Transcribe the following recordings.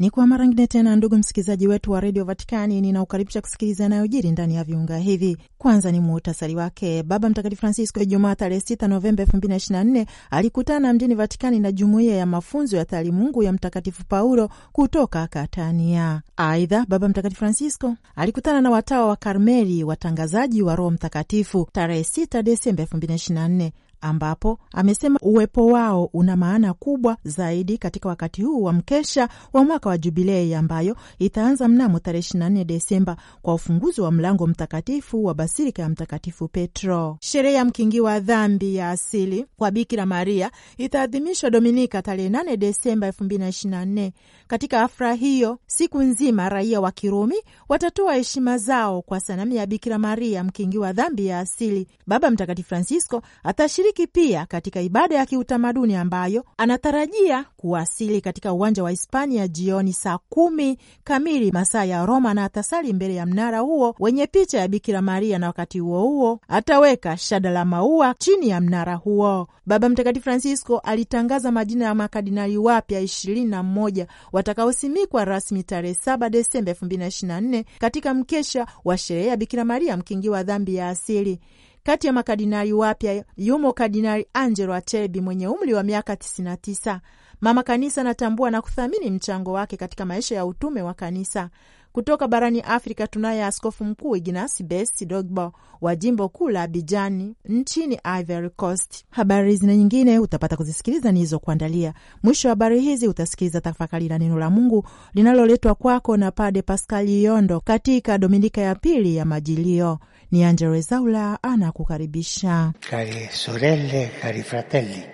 Ni kwa mara ngine tena, ndugu msikilizaji wetu wa redio Vatikani, ninaukaribisha kusikiliza yanayojiri ndani ya viunga hivi. Kwanza ni muhtasari wake. Baba Mtakatifu Francisco Ijumaa tarehe 6 Novemba 2024 alikutana mjini Vatikani na jumuiya ya mafunzo ya taalimungu ya Mtakatifu Paulo kutoka Katania. Aidha, Baba Mtakatifu Francisco alikutana na watawa wa Karmeli watangazaji wa Roho Mtakatifu tarehe 6 Desemba 2024 ambapo amesema uwepo wao una maana kubwa zaidi katika wakati huu wa mkesha wa mwaka wa Jubilei ambayo itaanza mnamo tarehe 24 Desemba kwa ufunguzi wa mlango mtakatifu wa basilika ya Mtakatifu Petro. Sherehe ya mkingi wa dhambi ya asili kwa Bikira Maria itaadhimishwa Dominika tarehe 8 Desemba 2024. Katika afra hiyo, siku nzima raia wa Kirumi watatoa heshima zao kwa sanamu ya Bikira Maria mkingi wa dhambi ya asili. Baba Mtakatifu Francisco atashiriki atashiriki pia katika ibada ya kiutamaduni ambayo anatarajia kuwasili katika uwanja wa Hispania jioni saa kumi kamili masaa ya Roma, na atasali mbele ya mnara huo wenye picha ya Bikira Maria, na wakati huo huo ataweka shada la maua chini ya mnara huo. Baba Mtakatifu Francisco alitangaza majina ya makardinali wapya ishirini na mmoja watakaosimikwa rasmi tarehe saba Desemba elfu mbili na ishirini na nne katika mkesha wa sherehe ya Bikira Maria mkingi wa dhambi ya asili. Kati ya makardinali wapya yumo Kardinali Angelo Atebi mwenye umri wa miaka 99. Mama Kanisa anatambua na kuthamini mchango wake katika maisha ya utume wa Kanisa. Kutoka barani Afrika tunaye askofu mkuu Ignasi Besi Dogbo wa jimbo kuu la Abijani nchini Ivory Coast. Habari hizi na nyingine utapata kuzisikiliza nilizokuandalia. Mwisho wa habari hizi utasikiliza tafakari la neno la Mungu linaloletwa kwako na Pade Paskali Yondo katika Dominika ya pili ya Majilio. Ni Angelo Zaula anakukaribisha. Cari sorelle, cari fratelli,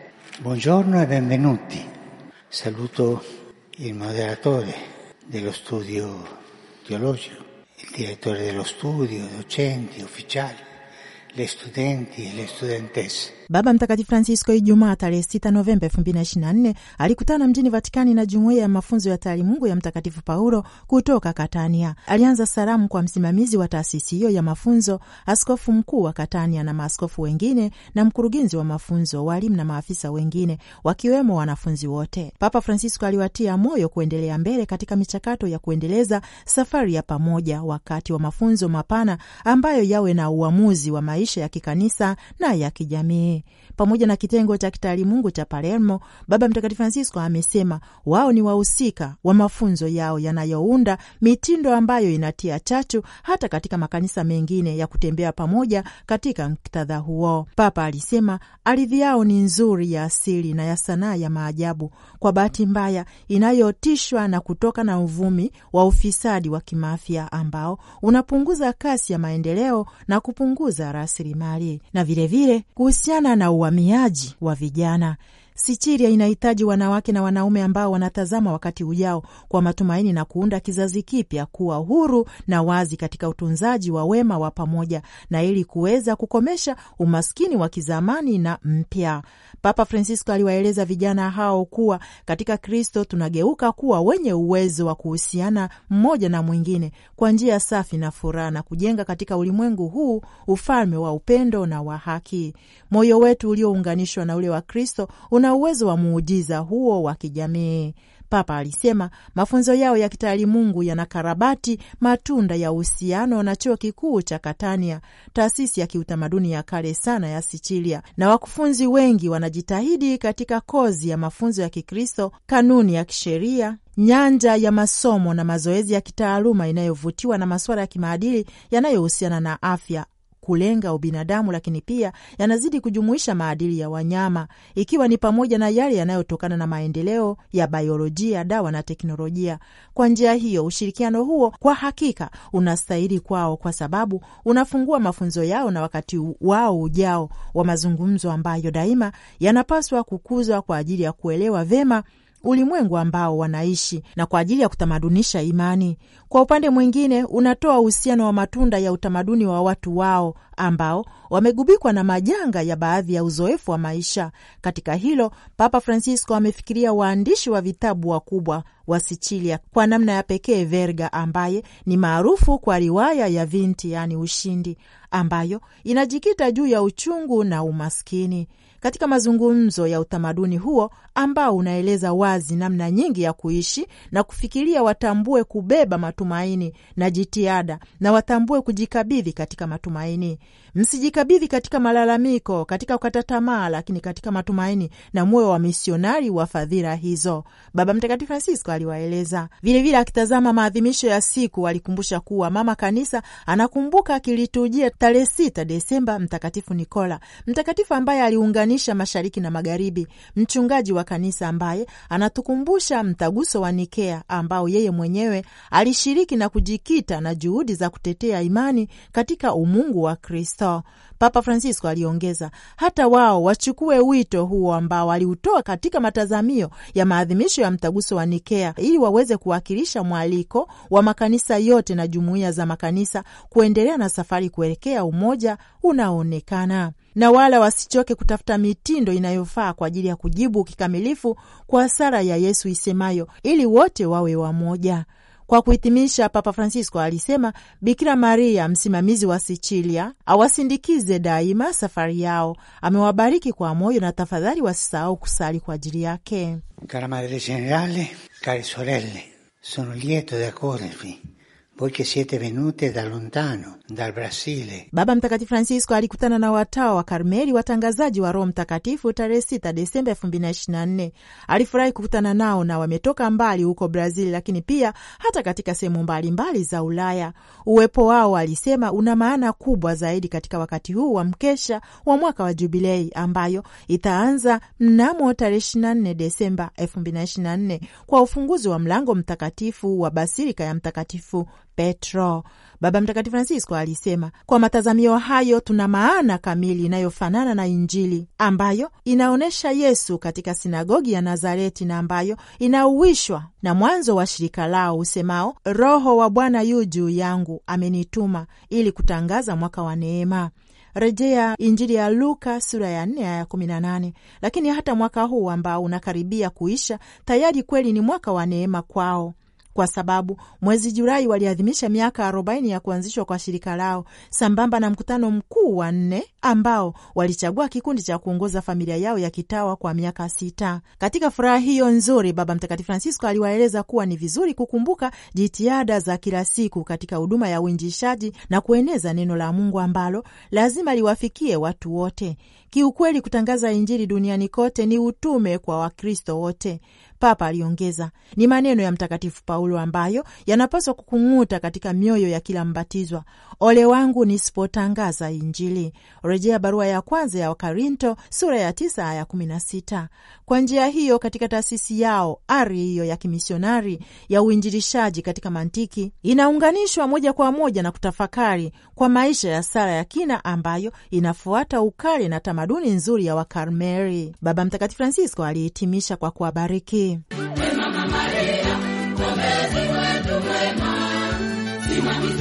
buongiorno e benvenuti. Saluto il moderatore dello studio teologico, il direttore dello studio, docenti, ufficiali, le studenti e le studentesse. Baba Mtakatifu Francisco Ijumaa tarehe 6 Novemba 2024 alikutana mjini Vatikani na jumuiya ya mafunzo ya taalimungu ya Mtakatifu Paulo kutoka Katania. Alianza salamu kwa msimamizi wa taasisi hiyo ya mafunzo, askofu mkuu wa Katania na maaskofu wengine na mkurugenzi wa mafunzo, walimu na maafisa wengine, wakiwemo wanafunzi wote. Papa Francisco aliwatia moyo kuendelea mbele katika michakato ya kuendeleza safari ya pamoja wakati wa mafunzo mapana ambayo yawe na uamuzi wa maisha ya kikanisa na ya kijamii. Pamoja na kitengo cha kitaalimungu cha Palermo, Baba Mtakatifu Francisco amesema wao ni wahusika wa mafunzo yao yanayounda mitindo ambayo inatia chachu hata katika makanisa mengine ya kutembea pamoja katika muktadha huo. Papa alisema ardhi yao ni nzuri ya asili na ya sanaa ya maajabu, kwa bahati mbaya inayotishwa na kutoka na uvumi wa ufisadi wa kimafia ambao unapunguza kasi ya maendeleo na kupunguza rasilimali na vilevile kuhusiana kutokana na uhamiaji wa vijana Sichiria inahitaji wanawake na wanaume ambao wanatazama wakati ujao kwa matumaini na kuunda kizazi kipya kuwa huru na wazi katika utunzaji wa wema wa pamoja na ili kuweza kukomesha umaskini wa kizamani na mpya. Papa Francisco aliwaeleza vijana hao kuwa katika Kristo tunageuka kuwa wenye uwezo wa kuhusiana mmoja na mwingine kwa njia safi na furaha na kujenga katika ulimwengu huu ufalme wa upendo na wa haki. Moyo wetu uliounganishwa na ule wa Kristo una wana uwezo wa muujiza huo wa kijamii. Papa alisema mafunzo yao ya kitaalimungu yanakarabati matunda ya uhusiano na chuo kikuu cha Katania, taasisi ya kiutamaduni ya kale sana ya Sichilia, na wakufunzi wengi wanajitahidi katika kozi ya mafunzo ya Kikristo, kanuni ya kisheria nyanja ya masomo na mazoezi ya kitaaluma inayovutiwa na masuala ya kimaadili yanayohusiana na afya, kulenga ubinadamu, lakini pia yanazidi kujumuisha maadili ya wanyama, ikiwa ni pamoja na yale yanayotokana na maendeleo ya biolojia, dawa na teknolojia. Kwa njia hiyo, ushirikiano huo kwa hakika unastahili kwao, kwa sababu unafungua mafunzo yao na wakati wao ujao wa mazungumzo ambayo daima yanapaswa kukuzwa kwa ajili ya kuelewa vema ulimwengu ambao wanaishi na kwa ajili ya kutamadunisha imani. Kwa upande mwingine, unatoa uhusiano wa matunda ya utamaduni wa watu wao ambao wamegubikwa na majanga ya baadhi ya uzoefu wa maisha. Katika hilo, Papa Francisco amefikiria waandishi wa vitabu wakubwa wa Sichilia, kwa namna ya pekee Verga ambaye ni maarufu kwa riwaya ya Vinti, yaani Ushindi, ambayo inajikita juu ya uchungu na umaskini. Katika mazungumzo ya utamaduni huo ambao unaeleza wazi namna nyingi ya kuishi na kufikiria, watambue kubeba matumaini na jitihada, na watambue kujikabidhi katika matumaini. Msijikabidhi katika malalamiko, katika kukata tamaa, lakini katika matumaini na moyo wa misionari wa fadhila hizo, Baba Mtakatifu Francisco aliwaeleza. Vilevile akitazama maadhimisho ya siku, alikumbusha kuwa Mama Kanisa anakumbuka akilitujia tarehe sita Desemba Mtakatifu Nikola, mtakatifu ambaye aliunganisha mashariki na magharibi, mchungaji wa kanisa ambaye anatukumbusha mtaguso wa Nikea ambao yeye mwenyewe alishiriki na kujikita na juhudi za kutetea imani katika umungu wa Kristo. Papa Francisco aliongeza, hata wao wachukue wito huo ambao aliutoa katika matazamio ya maadhimisho ya mtaguso wa Nikea ili waweze kuwakilisha mwaliko wa makanisa yote na jumuiya za makanisa kuendelea na safari kuelekea umoja unaoonekana na wala wasichoke kutafuta mitindo inayofaa kwa ajili ya kujibu kikamilifu kwa sara ya Yesu isemayo, ili wote wawe wamoja. Kwa kuhitimisha, Papa Francisco alisema Bikira Maria, msimamizi wa Sichilia, awasindikize daima safari yao. Amewabariki kwa moyo na tafadhali wasisahau kusali kwa ajili yake. madre generale, sorelle sono lieto di voi che siete venute da lontano dal Brasile. Baba Mtakatifu Francisco alikutana na watawa wa Karmeli watangazaji wa Roho Mtakatifu tarehe 6 Desemba 2024. Alifurahi kukutana nao na wametoka mbali huko Brazil, lakini pia hata katika sehemu mbalimbali za Ulaya. Uwepo wao, alisema, una maana kubwa zaidi katika wakati huu wa mkesha wa mwaka wa Jubilei ambayo itaanza mnamo tarehe 24 Desemba 2024 kwa ufunguzi wa mlango mtakatifu wa Basilika ya Mtakatifu Petro. Baba Mtakatifu Francisco alisema kwa matazamio hayo tuna maana kamili inayofanana na Injili ambayo inaonyesha Yesu katika sinagogi ya Nazareti na ambayo inauwishwa na mwanzo wa shirika lao usemao, Roho wa Bwana yu juu yangu, amenituma ili kutangaza mwaka wa neema. Rejea Injili ya Luka sura ya 4 aya 18. Lakini hata mwaka huu ambao unakaribia kuisha, tayari kweli ni mwaka wa neema kwao kwa sababu mwezi Julai waliadhimisha miaka arobaini ya kuanzishwa kwa shirika lao sambamba na mkutano mkuu wa nne ambao walichagua kikundi cha kuongoza familia yao ya kitawa kwa miaka sita. Katika furaha hiyo nzuri, Baba Mtakatifu Francisco aliwaeleza kuwa ni vizuri kukumbuka jitihada za kila siku katika huduma ya uinjishaji na kueneza neno la Mungu ambalo lazima liwafikie watu wote. Kiukweli, kutangaza Injili duniani kote ni utume kwa Wakristo wote. Papa aliongeza, ni maneno ya Mtakatifu Paulo ambayo yanapaswa kukung'uta katika mioyo ya kila mbatizwa: ole wangu nisipotangaza Injili. Rejea barua ya kwanza ya Wakorinto sura ya tisa aya kumi na sita. Kwa njia hiyo, katika taasisi yao, ari hiyo ya kimisionari ya uinjilishaji katika mantiki inaunganishwa moja kwa moja na kutafakari kwa maisha ya sala ya kina ambayo inafuata ukali na tamaduni nzuri ya Wakarmeli. Baba Mtakatifu Francisco alihitimisha kwa kuwabariki Mapimbi. Mama Maria, ombezi wetu mwema, simami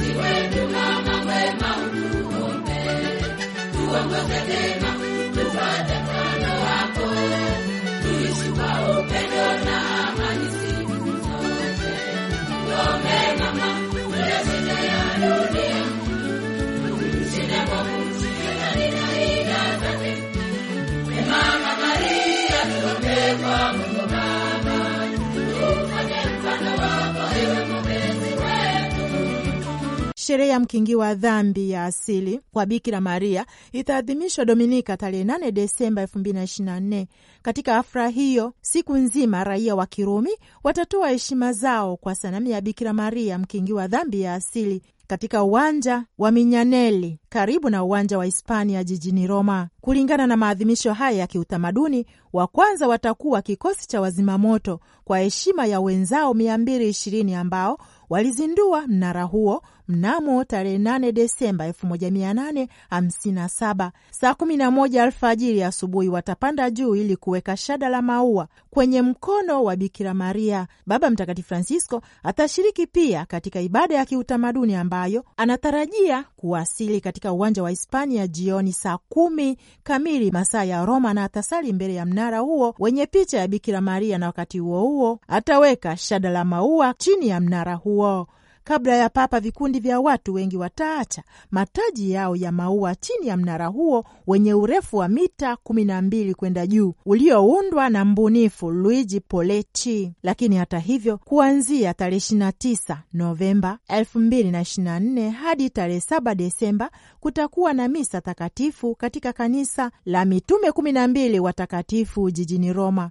Sherehe ya mkingi wa dhambi ya asili kwa Bikira Maria itaadhimishwa Dominika tarehe 8 Desemba 2024. Katika hafla hiyo, siku nzima raia wa Kirumi watatoa heshima zao kwa sanamu ya Bikira Maria mkingi wa dhambi ya asili katika uwanja wa Minyaneli karibu na uwanja wa Hispania jijini Roma. Kulingana na maadhimisho haya ya kiutamaduni, wa kwanza watakuwa kikosi cha wazimamoto kwa heshima ya wenzao mia mbili ishirini ambao walizindua mnara huo mnamo tarehe 8 Desemba 1857 saa 11 alfajiri asubuhi, watapanda juu ili kuweka shada la maua kwenye mkono wa Bikira Maria. Baba Mtakatifu Francisco atashiriki pia katika ibada ya kiutamaduni ambayo anatarajia kuwasili katika uwanja wa Hispania jioni saa kumi kamili masaa ya Roma, na atasali mbele ya mnara huo wenye picha ya Bikira Maria, na wakati huo huo ataweka shada la maua chini ya mnara huo. Kabla ya Papa, vikundi vya watu wengi wataacha mataji yao ya maua chini ya mnara huo wenye urefu wa mita kumi na mbili kwenda juu ulioundwa na mbunifu Luigi Polechi. Lakini hata hivyo, kuanzia tarehe tisa Novemba nne hadi tarehe 7 Desemba kutakuwa na misa takatifu katika kanisa la mitume 12 watakatifu jijini Roma.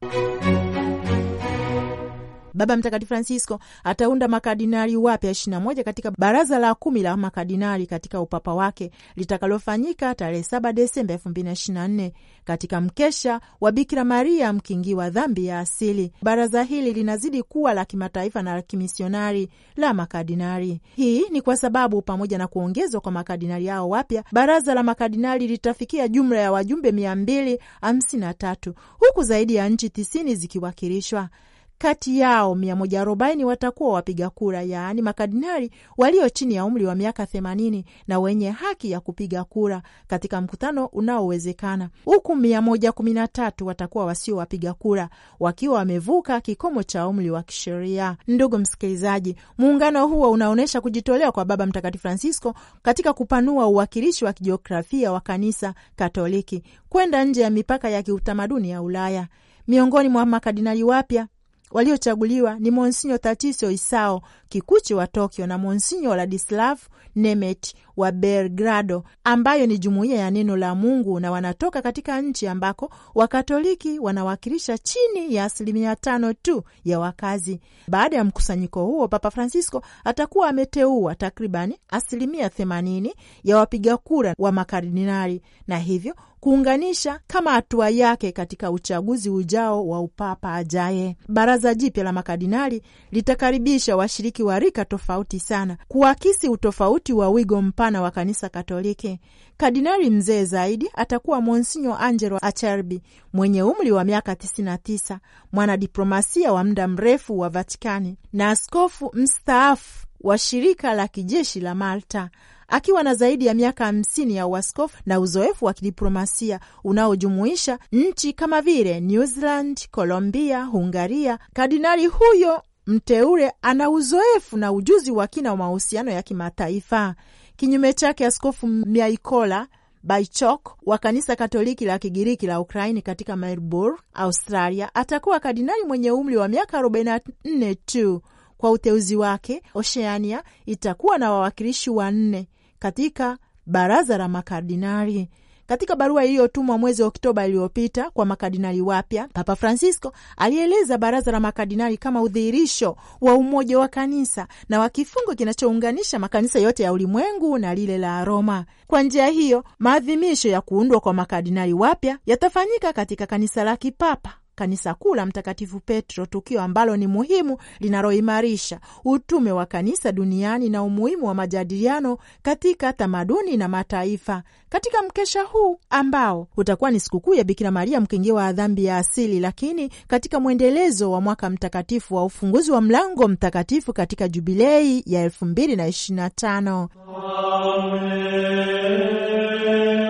Baba Mtakatifu Francisco ataunda makardinali wapya ishirini na moja katika baraza la kumi la makardinali katika upapa wake litakalofanyika tarehe saba Desemba elfu mbili na ishirini na nne katika mkesha wa Bikira Maria wa dhambi ya asili. Baraza hili linazidi kuwa la kimataifa na la kimisionari la makardinali. Hii ni kwa sababu pamoja na kuongezwa kwa makardinali hao wapya, baraza la makardinali litafikia jumla ya wajumbe mia mbili hamsini na tatu huku zaidi ya nchi tisini zikiwakilishwa. Kati yao 140 watakuwa wapiga kura, yaani makardinali walio chini ya umri wa miaka 80 na wenye haki ya kupiga kura katika mkutano unaowezekana, huku 113 watakuwa wasio wapiga kura, wakiwa wamevuka kikomo cha umri wa kisheria. Ndugu msikilizaji, muungano huo unaonyesha kujitolea kwa Baba Mtakatifu Francisco katika kupanua uwakilishi wa kijiografia wa Kanisa Katoliki kwenda nje ya mipaka ya kiutamaduni ya Ulaya. Miongoni mwa makardinali wapya Waliochaguliwa ni Monsinyo Tatiso Isao Kikuchi wa Tokyo na Monsinyo Ladislav Nemet wa Belgrado, ambayo ni jumuiya ya neno la Mungu, na wanatoka katika nchi ambako Wakatoliki wanawakilisha chini ya asilimia tano tu ya wakazi. Baada ya mkusanyiko huo, Papa Francisco atakuwa ameteua takribani asilimia themanini ya wapiga kura wa makardinali na hivyo kuunganisha kama hatua yake katika uchaguzi ujao wa upapa ajaye. Baraza jipya la makardinali litakaribisha washiriki wa rika tofauti sana, kuakisi utofauti wa wigo mpana mpana wa kanisa Katoliki. Kardinali mzee zaidi atakuwa Monsinyo Angelo Acerbi mwenye umri wa miaka 99, mwanadiplomasia wa muda mrefu wa Vatikani na askofu mstaafu wa shirika la kijeshi la Malta akiwa na zaidi ya miaka hamsini ya uaskofu na uzoefu wa kidiplomasia unaojumuisha nchi kama vile New Zealand, Colombia, Hungaria. Kardinali huyo mteule ana uzoefu na ujuzi wa kina wa mahusiano ya kimataifa. Kinyume chake, Askofu Miaikola Baichok wa kanisa Katoliki la Kigiriki la Ukraini katika Melbourne, Australia, atakuwa kardinali mwenye umri wa miaka 44 tu. Kwa uteuzi wake, Oceania itakuwa na wawakilishi wanne katika baraza la makardinali. Katika barua iliyotumwa mwezi wa Oktoba iliyopita kwa makardinali wapya, Papa Francisco alieleza baraza la makardinali kama udhihirisho wa umoja wa kanisa na wa kifungo kinachounganisha makanisa yote ya ulimwengu na lile la Roma. Kwa njia hiyo, maadhimisho ya kuundwa kwa makardinali wapya yatafanyika katika kanisa la kipapa kanisa kuu la Mtakatifu Petro, tukio ambalo ni muhimu linaloimarisha utume wa kanisa duniani na umuhimu wa majadiliano katika tamaduni na mataifa. Katika mkesha huu ambao utakuwa ni sikukuu ya Bikira Maria mkingiwa wa dhambi ya asili, lakini katika mwendelezo wa mwaka mtakatifu wa ufunguzi wa mlango mtakatifu katika jubilei ya elfu mbili na ishirini na tano. Amen.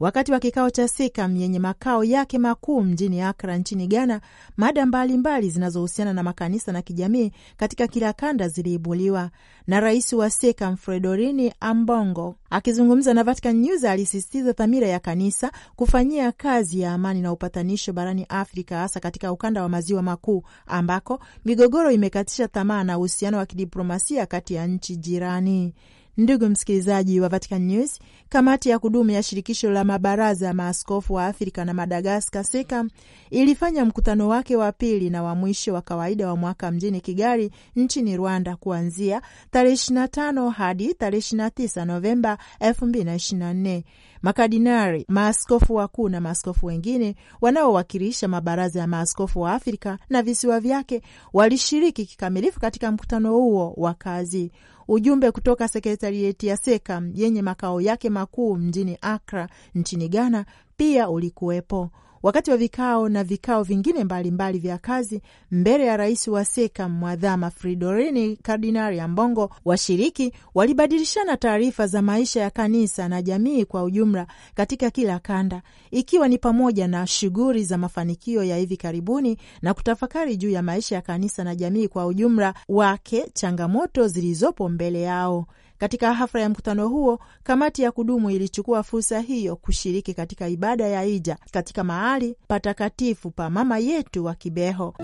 Wakati wa kikao cha SECAM yenye makao yake makuu mjini Akra nchini Ghana, mada mbalimbali zinazohusiana na makanisa na kijamii katika kila kanda ziliibuliwa, na rais wa SECAM Fredorini Ambongo akizungumza na Vatican News alisisitiza dhamira ya kanisa kufanyia kazi ya amani na upatanisho barani Afrika, hasa katika ukanda wa maziwa makuu ambako migogoro imekatisha tamaa na uhusiano wa kidiplomasia kati ya nchi jirani. Ndugu msikilizaji wa Vatican News, kamati ya kudumu ya shirikisho la mabaraza ya maaskofu wa Afrika na Madagaskar, SECAM, ilifanya mkutano wake wa pili na wa mwisho wa kawaida wa mwaka mjini Kigali nchini Rwanda kuanzia tarehe 25 hadi tarehe 29 Novemba 2024. Makardinari, maaskofu wakuu na maaskofu wengine wanaowakilisha mabaraza ya maaskofu wa Afrika na visiwa vyake walishiriki kikamilifu katika mkutano huo wa kazi. Ujumbe kutoka sekretarieti ya SEKA yenye makao yake makuu mjini Akra nchini Ghana pia ulikuwepo wakati wa vikao na vikao vingine mbalimbali mbali vya kazi mbele ya rais wa Seka Mwadhama Fridorini Kardinali Ambongo, washiriki walibadilishana taarifa za maisha ya kanisa na jamii kwa ujumla katika kila kanda, ikiwa ni pamoja na shughuli za mafanikio ya hivi karibuni na kutafakari juu ya maisha ya kanisa na jamii kwa ujumla wake, changamoto zilizopo mbele yao. Katika hafla ya mkutano huo, kamati ya kudumu ilichukua fursa hiyo kushiriki katika ibada ya hija katika mahali patakatifu pa mama yetu wa Kibeho.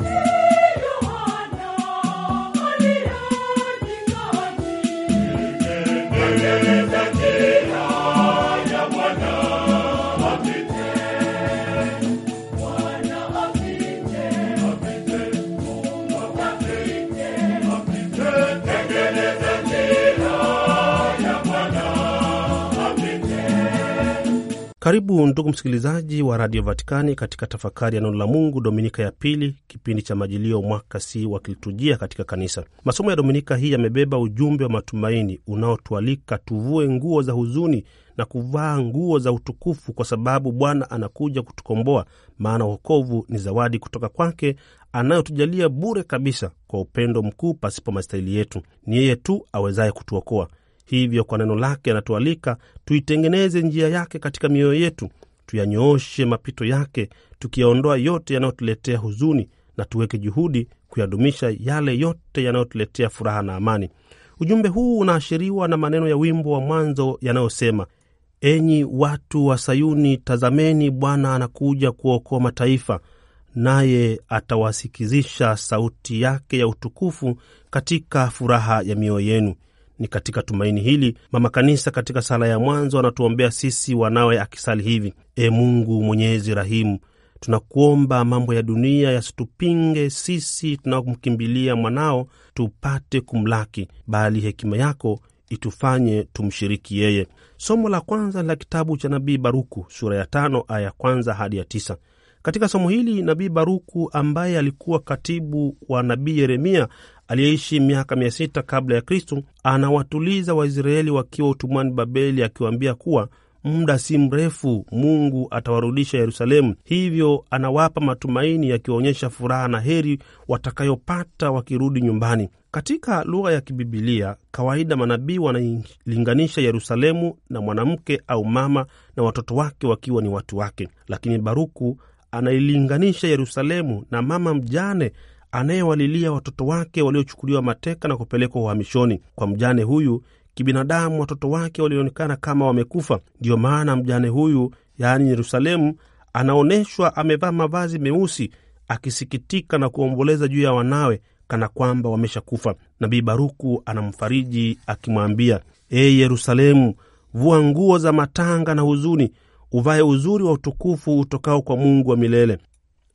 Karibu ndugu msikilizaji wa Radio Vatikani katika tafakari ya neno la Mungu, dominika ya pili, kipindi cha Majilio, mwaka si wa kiliturujia katika Kanisa. Masomo ya dominika hii yamebeba ujumbe wa matumaini unaotualika tuvue nguo za huzuni na kuvaa nguo za utukufu, kwa sababu Bwana anakuja kutukomboa, maana wokovu ni zawadi kutoka kwake anayotujalia bure kabisa kwa upendo mkuu pasipo mastahili yetu. Ni yeye tu awezaye kutuokoa. Hivyo kwa neno lake anatualika tuitengeneze njia yake katika mioyo yetu, tuyanyooshe mapito yake, tukiyaondoa yote yanayotuletea huzuni na tuweke juhudi kuyadumisha yale yote yanayotuletea furaha na amani. Ujumbe huu unaashiriwa na maneno ya wimbo wa mwanzo yanayosema, enyi watu wa Sayuni, tazameni, Bwana anakuja kuokoa mataifa, naye atawasikizisha sauti yake ya utukufu katika furaha ya mioyo yenu. Ni katika tumaini hili mama kanisa katika sala ya mwanzo anatuombea sisi wanawe akisali hivi: E Mungu mwenyezi rahimu, tunakuomba mambo ya dunia yasitupinge sisi tunaomkimbilia mwanao tupate kumlaki, bali hekima yako itufanye tumshiriki yeye. Somo la kwanza la kitabu cha nabii Baruku sura ya tano aya ya kwanza hadi ya tisa. Katika somo hili nabii Baruku ambaye alikuwa katibu wa nabii Yeremia aliyeishi miaka mia sita kabla ya Kristo, anawatuliza Waisraeli wakiwa utumwani Babeli, akiwaambia kuwa muda si mrefu Mungu atawarudisha Yerusalemu. Hivyo anawapa matumaini, yakiwaonyesha furaha na heri watakayopata wakirudi nyumbani. Katika lugha ya kibibilia kawaida, manabii wanailinganisha Yerusalemu na mwanamke au mama na watoto wake wakiwa ni watu wake, lakini Baruku anailinganisha Yerusalemu na mama mjane anayewalilia watoto wake waliochukuliwa mateka na kupelekwa uhamishoni. Kwa mjane huyu kibinadamu, watoto wake walionekana kama wamekufa. Ndiyo maana mjane huyu, yaani Yerusalemu, anaonyeshwa amevaa mavazi meusi akisikitika na kuomboleza juu ya wanawe kana kwamba wameshakufa. Nabii Baruku anamfariji akimwambia, ee Yerusalemu, vua nguo za matanga na huzuni, uvae uzuri wa utukufu utokao kwa Mungu wa milele.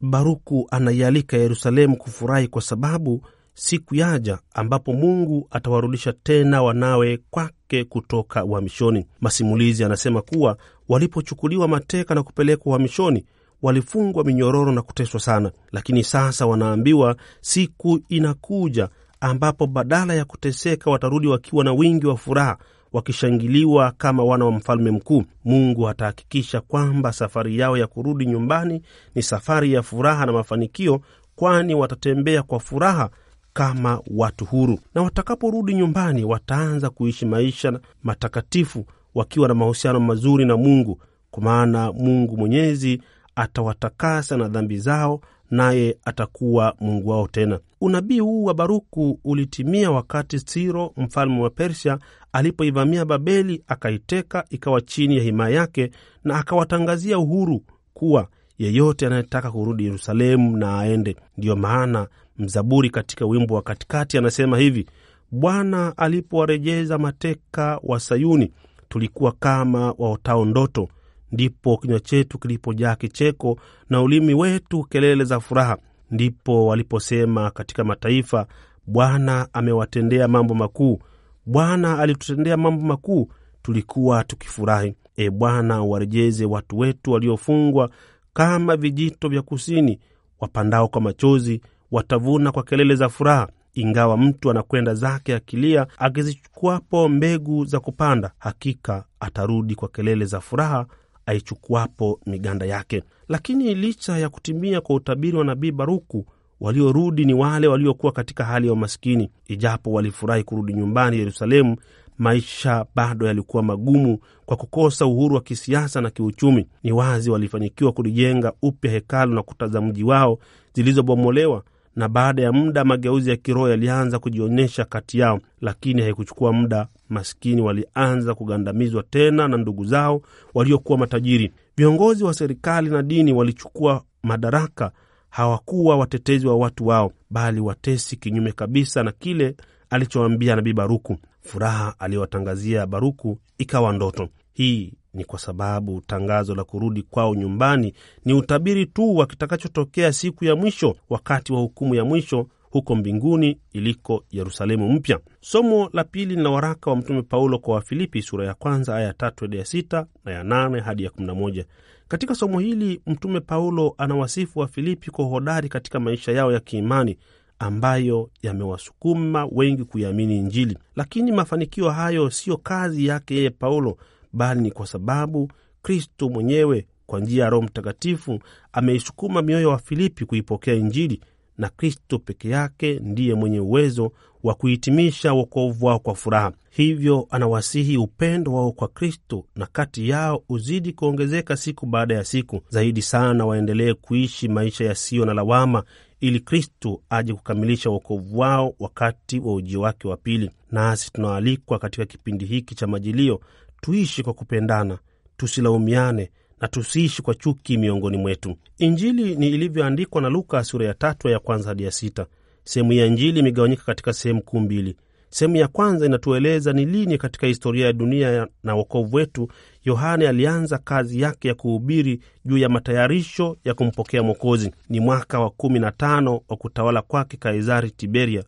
Baruku anaialika Yerusalemu kufurahi kwa sababu siku yaja ambapo Mungu atawarudisha tena wanawe kwake kutoka uhamishoni. Masimulizi anasema kuwa walipochukuliwa mateka na kupelekwa uhamishoni walifungwa minyororo na kuteswa sana, lakini sasa wanaambiwa siku inakuja ambapo badala ya kuteseka watarudi wakiwa na wingi wa furaha, wakishangiliwa kama wana wa mfalme mkuu. Mungu atahakikisha kwamba safari yao ya kurudi nyumbani ni safari ya furaha na mafanikio, kwani watatembea kwa furaha kama watu huru, na watakaporudi nyumbani wataanza kuishi maisha matakatifu wakiwa na mahusiano mazuri na Mungu, kwa maana Mungu Mwenyezi atawatakasa na dhambi zao naye atakuwa Mungu wao tena. Unabii huu wa Baruku ulitimia wakati Siro mfalme wa Persia alipoivamia Babeli, akaiteka ikawa chini ya himaya yake, na akawatangazia uhuru kuwa yeyote anayetaka kurudi Yerusalemu na aende. Ndiyo maana mzaburi katika wimbo wa katikati anasema hivi: Bwana alipowarejeza mateka wa Sayuni, tulikuwa kama waotao ndoto, ndipo kinywa chetu kilipojaa kicheko na ulimi wetu kelele za furaha. Ndipo waliposema katika mataifa, Bwana amewatendea mambo makuu, Bwana alitutendea mambo makuu, tulikuwa tukifurahi. E Bwana, uwarejeze watu wetu waliofungwa kama vijito vya kusini. Wapandao kwa machozi watavuna kwa kelele za furaha. Ingawa mtu anakwenda zake akilia, akizichukuapo mbegu za kupanda, hakika atarudi kwa kelele za furaha aichukuapo miganda yake. Lakini licha ya kutimia kwa utabiri wa nabii Baruku, waliorudi ni wale waliokuwa katika hali ya umaskini. Ijapo walifurahi kurudi nyumbani Yerusalemu, maisha bado yalikuwa magumu kwa kukosa uhuru wa kisiasa na kiuchumi. Ni wazi walifanikiwa kulijenga upya hekalu na kuta za mji wao zilizobomolewa, na baada ya muda mageuzi ya kiroho yalianza kujionyesha kati yao, lakini haikuchukua muda maskini walianza kugandamizwa tena na ndugu zao waliokuwa matajiri. Viongozi wa serikali na dini walichukua madaraka, hawakuwa watetezi wa watu wao, bali watesi, kinyume kabisa na kile alichoambia nabii Baruku. Furaha aliyowatangazia Baruku ikawa ndoto. Hii ni kwa sababu tangazo la kurudi kwao nyumbani ni utabiri tu wa kitakachotokea siku ya mwisho, wakati wa hukumu ya mwisho huko mbinguni iliko Yerusalemu mpya. Somo la pili ni la waraka wa Mtume Paulo kwa Wafilipi sura ya kwanza aya tatu hadi ya sita na ya nane hadi ya kumi na moja. Katika somo hili Mtume Paulo anawasifu Wafilipi kwa uhodari katika maisha yao ya kiimani ambayo yamewasukuma wengi kuiamini Injili. Lakini mafanikio hayo siyo kazi yake yeye Paulo, bali ni kwa sababu Kristo mwenyewe kwa njia ya Roho Mtakatifu ameisukuma mioyo ya Wafilipi kuipokea Injili na Kristo peke yake ndiye mwenye uwezo wa kuhitimisha wokovu wao kwa furaha. Hivyo anawasihi upendo wao kwa Kristo na kati yao uzidi kuongezeka siku baada ya siku. Zaidi sana waendelee kuishi maisha yasiyo na lawama, ili Kristo aje kukamilisha wokovu wao wakati wa ujio wake wa pili. Nasi tunaalikwa katika kipindi hiki cha Majilio tuishi kwa kupendana, tusilaumiane na tusiishi kwa chuki miongoni mwetu. Injili ni ilivyoandikwa na Luka sura ya tatu ya kwanza hadi ya sita. Sehemu ya Injili imegawanyika katika sehemu kuu mbili. Sehemu ya kwanza inatueleza ni lini katika historia ya dunia na wokovu wetu Yohane alianza kazi yake ya kuhubiri juu ya matayarisho ya kumpokea Mwokozi. Ni mwaka wa kumi na tano wa kutawala kwake Kaisari Tiberia,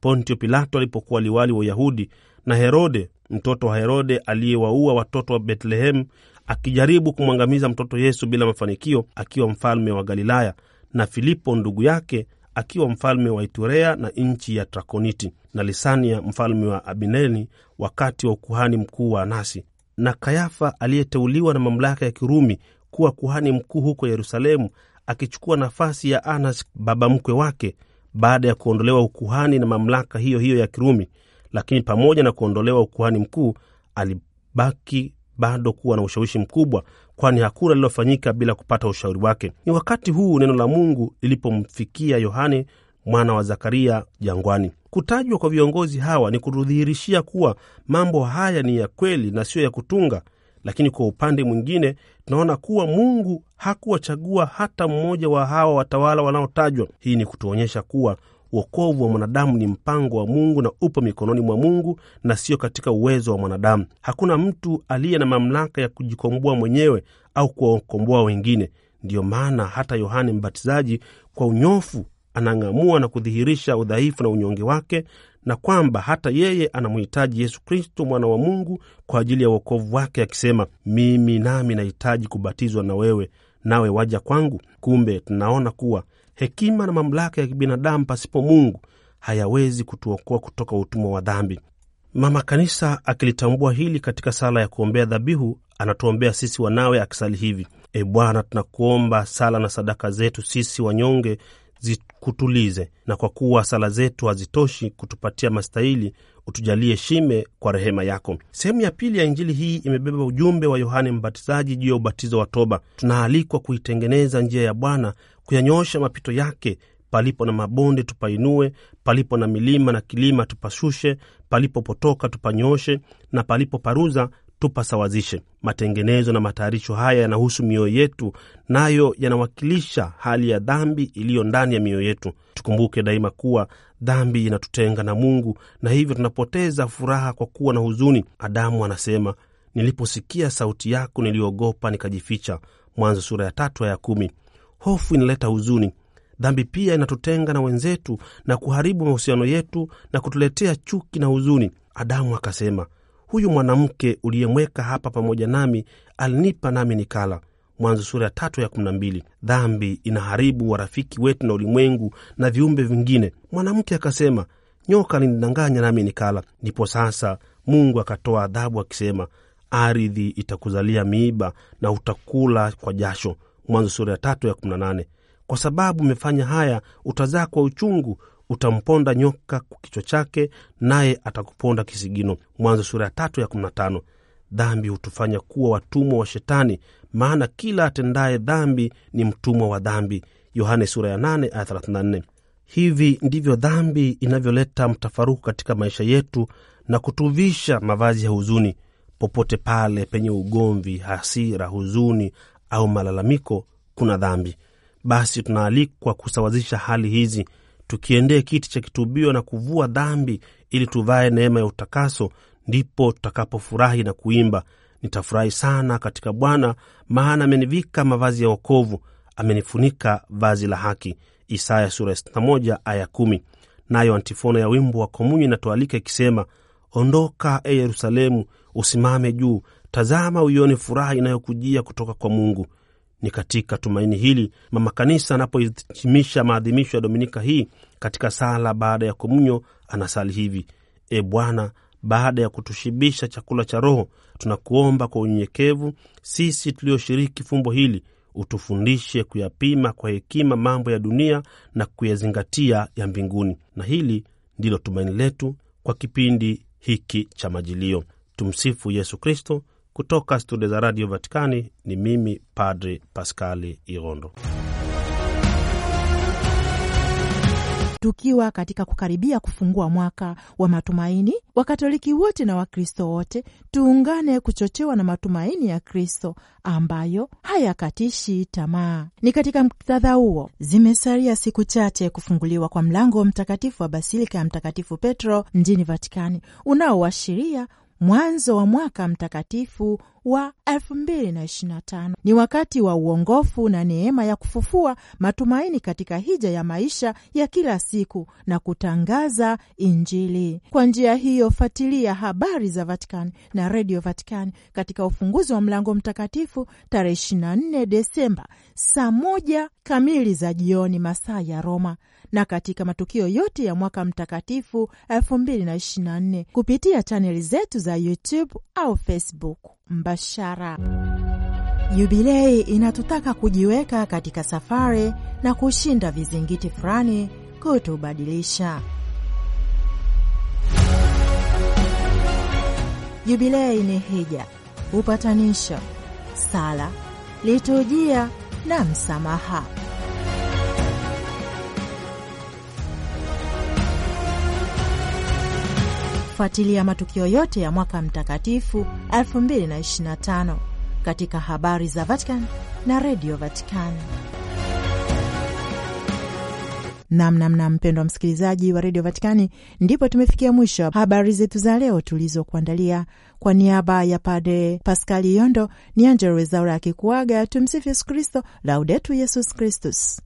Pontio Pilato alipokuwa liwali wa Uyahudi na Herode mtoto wa Herode aliyewaua watoto wa Bethlehemu, akijaribu kumwangamiza mtoto Yesu bila mafanikio, akiwa mfalme wa Galilaya, na Filipo ndugu yake akiwa mfalme wa Iturea na nchi ya Trakoniti, na Lisania mfalme wa Abineni wakati wa ukuhani mkuu wa Anasi, na Kayafa aliyeteuliwa na mamlaka ya Kirumi kuwa kuhani mkuu huko Yerusalemu, akichukua nafasi ya anas baba mkwe wake baada ya kuondolewa ukuhani na mamlaka hiyo hiyo ya Kirumi lakini pamoja na kuondolewa ukuhani mkuu, alibaki bado kuwa na ushawishi mkubwa, kwani hakuna lililofanyika bila kupata ushauri wake. Ni wakati huu neno la Mungu lilipomfikia Yohane mwana wa Zakaria jangwani. Kutajwa kwa viongozi hawa ni kutudhihirishia kuwa mambo haya ni ya kweli na siyo ya kutunga. Lakini kwa upande mwingine, tunaona kuwa Mungu hakuwachagua hata mmoja wa hawa watawala wanaotajwa. Hii ni kutuonyesha kuwa uokovu wa mwanadamu ni mpango wa Mungu na upo mikononi mwa Mungu na sio katika uwezo wa mwanadamu. Hakuna mtu aliye na mamlaka ya kujikomboa mwenyewe au kuwakomboa wengine. Ndiyo maana hata Yohane Mbatizaji kwa unyofu anang'amua na kudhihirisha udhaifu na unyonge wake, na kwamba hata yeye anamhitaji Yesu Kristo mwana wa Mungu kwa ajili ya uokovu wake, akisema, mimi nami nahitaji kubatizwa na wewe, nawe waja kwangu. Kumbe tunaona kuwa hekima na mamlaka ya kibinadamu pasipo Mungu hayawezi kutuokoa kutoka utumwa wa dhambi. Mama Kanisa akilitambua hili katika sala ya kuombea dhabihu, anatuombea sisi wanawe akisali hivi: E Bwana, tunakuomba sala na sadaka zetu sisi wanyonge zikutulize, na kwa kuwa sala zetu hazitoshi kutupatia mastahili utujalie shime kwa rehema yako. Sehemu ya pili ya Injili hii imebeba ujumbe wa Yohane Mbatizaji juu ya ubatizo wa toba. Tunaalikwa kuitengeneza njia ya Bwana, kuyanyosha mapito yake Palipo na mabonde tupainue, palipo na milima na kilima tupashushe, palipopotoka tupanyoshe, na palipoparuza tupasawazishe. Matengenezo na matayarisho haya yanahusu mioyo yetu, nayo yanawakilisha hali ya dhambi iliyo ndani ya mioyo yetu. Tukumbuke daima kuwa dhambi inatutenga na Mungu, na hivyo tunapoteza furaha kwa kuwa na huzuni. Adamu anasema, niliposikia sauti yako niliogopa, nikajificha. Mwanzo sura ya tatu ya kumi. Hofu inaleta huzuni. Dhambi pia inatutenga na wenzetu na kuharibu mahusiano yetu na kutuletea chuki na huzuni. Adamu akasema huyu mwanamke uliyemweka hapa pamoja nami alinipa nami nikala. Mwanzo sura ya tatu ya kumi na mbili. Dhambi inaharibu warafiki wetu na ulimwengu na viumbe vingine. Mwanamke akasema, nyoka alinidanganya nami nikala. Ndipo sasa Mungu akatoa adhabu akisema, ardhi itakuzalia miiba na utakula kwa jasho. Mwanzo sura ya tatu ya kumi na nane. Kwa sababu umefanya haya utazaa kwa uchungu, utamponda nyoka kwa kichwa chake, naye atakuponda kisigino. Mwanzo sura ya tatu ya kumi na tano. Dhambi hutufanya kuwa watumwa wa Shetani, maana kila atendaye dhambi ni mtumwa wa dhambi. Yohane sura ya nane aya thelathini na nne. Hivi ndivyo dhambi inavyoleta mtafaruku katika maisha yetu na kutuvisha mavazi ya huzuni. Popote pale penye ugomvi, hasira, huzuni au malalamiko kuna dhambi. Basi tunaalikwa kusawazisha hali hizi tukiendee kiti cha kitubio na kuvua dhambi ili tuvae neema ya utakaso, ndipo tutakapofurahi na kuimba, nitafurahi sana katika Bwana, maana amenivika mavazi ya wokovu, amenifunika vazi la haki. Isaya sura ya 61 aya 10. Nayo antifona ya wimbo wa komunyi inatualika ikisema, ondoka e Yerusalemu, usimame juu, tazama uione furaha inayokujia kutoka kwa Mungu. Ni katika tumaini hili Mama Kanisa anapohitimisha maadhimisho ya Dominika hii katika sala baada ya komunyo, anasali hivi: E Bwana, baada ya kutushibisha chakula cha Roho, tunakuomba kwa unyenyekevu, sisi tulioshiriki fumbo hili utufundishe kuyapima kwa hekima mambo ya dunia na kuyazingatia ya mbinguni. Na hili ndilo tumaini letu kwa kipindi hiki cha Majilio. Tumsifu Yesu Kristo. Kutoka studio za Radio Vatikani ni mimi Padri Paskali Irondo. Tukiwa katika kukaribia kufungua mwaka wa matumaini, Wakatoliki wote na Wakristo wote tuungane kuchochewa na matumaini ya Kristo ambayo hayakatishi tamaa. Ni katika muktadha huo, zimesalia siku chache kufunguliwa kwa mlango mtakatifu wa Basilika ya Mtakatifu Petro mjini Vatikani unaoashiria mwanzo wa mwaka mtakatifu wa 2025 ni wakati wa uongofu na neema ya kufufua matumaini katika hija ya maisha ya kila siku na kutangaza Injili. Kwa njia hiyo, fatilia habari za Vatikani na redio Vatikani katika ufunguzi wa mlango mtakatifu tarehe 24 Desemba saa moja kamili za jioni masaa ya Roma na katika matukio yote ya mwaka mtakatifu 2024 kupitia chaneli zetu za YouTube au Facebook mbashara. Yubilei inatutaka kujiweka katika safari na kushinda vizingiti fulani kutubadilisha. Jubilei ni hija, upatanisho, sala, liturujia na msamaha. kufuatilia matukio yote ya mwaka mtakatifu 2025 katika habari za Vatican na redio Vatican. Namnamna mpendwa msikilizaji wa redio Vatikani, ndipo tumefikia mwisho habari zetu za leo tulizokuandalia. Kwa niaba ya pade Paskali Yondo ni Angelo Wezaura akikuaga. Tumsifu Yesu Kristo, Laudetu Yesus Kristus.